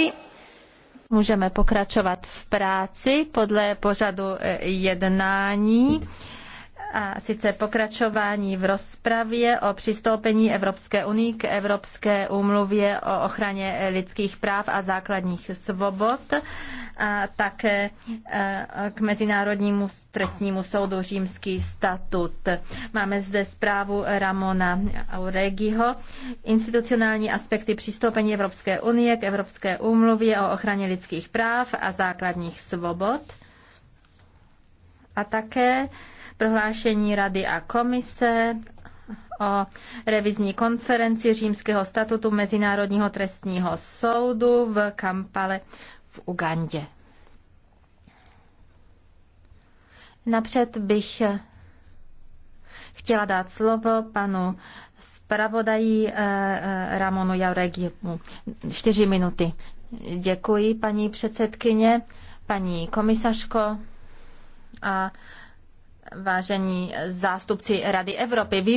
i Můžeme pokračovat v práci podle pořadu eh, jednání a sice pokračování v rozpravě o přistoupení Evropské unii k Evropské úmluvě o ochraně lidských práv a základních svobod a také eh, k Mezinárodnímu trestnímu soudu Římský statut. Máme zde zprávu Ramona Auregiho. Institucionální aspekty přistoupení Evropské unie k Evropské úmluvě o ochraně lidských práv a základních svobod. A také prohlášení Rady a komise o revizní konferenci Římského statutu Mezinárodního trestního soudu v Kampale v Ugandě. Napřed bych chtěla dát slovo panu zpravodají eh, eh, Ramonu Jauregimu. Čtyři minuty. Děkuji, paní předsedkyně, paní komisařko a vážení zástupci Rady Evropy. Vím,